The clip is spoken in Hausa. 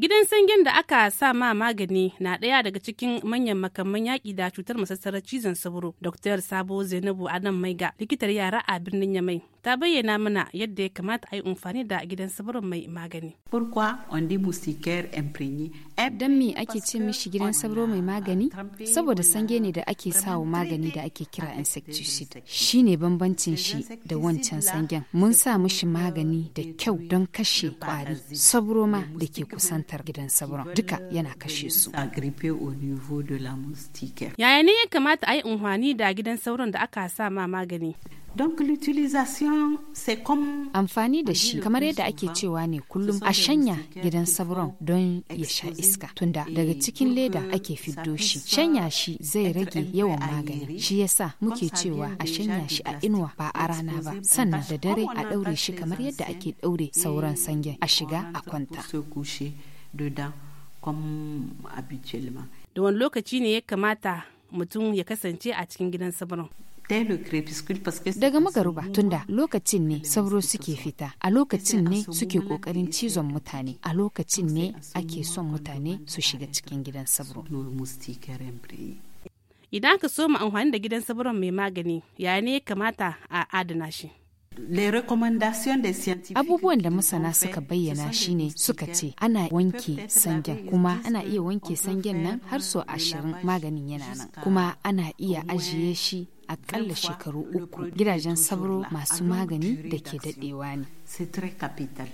Gidan sangen da aka sa ma magani na ɗaya daga cikin manyan makamman yaƙi da cutar masassarar cizon sauro. Dr. Sabo Zainabu Adam Maiga, likitar yara a birnin Yamai, ta bayyana mana yadda ya kamata a yi amfani da gidan saburin mai magani. Don me ake ce mishi gidan sabro mai magani? Saboda sange ne da ake sawa magani da ake kira insecticide. Shi ne bambancin shi da wancan sangen. Mun sa mishi euh, magani da kyau don kashe kwari, sabro ma da ke kusantar gidan sabron. Duka yana kashe su. Yaya ne ya kamata a yi amfani da gidan sauron da aka sa ma magani? Amfani da shi kamar yadda ake cewa ne kullum a shanya gidan sabron don ya sha iska tunda daga cikin leda euh, ake fiddo shi. Shanya shi zai rage yawan magani. Shi yasa muke cewa a shanya shi a inuwa ba a rana ba. Sannan da dare a ɗaure shi kamar yadda ake ɗaure sauran sangen a shiga a kwanta. Da wani lokaci ne ya kamata mutum ya kasance a cikin gidan sabron? Daga magaruba tunda lokacin ne sauro suke fita, a lokacin ne suke kokarin cizon mutane, a lokacin ne ake son mutane su shiga cikin gidan sauro. Idan ka so mu amfani da gidan sauron mai magani, ya ne kamata a adana shi? Abubuwan da masana suka bayyana shine suka ce ana wanke sangen kuma ana iya wanke sangen nan har so ashirin maganin yana nan kuma ana iya ajiye shi akalla shekaru uku gidajen sabro masu magani da ke daɗewa ne.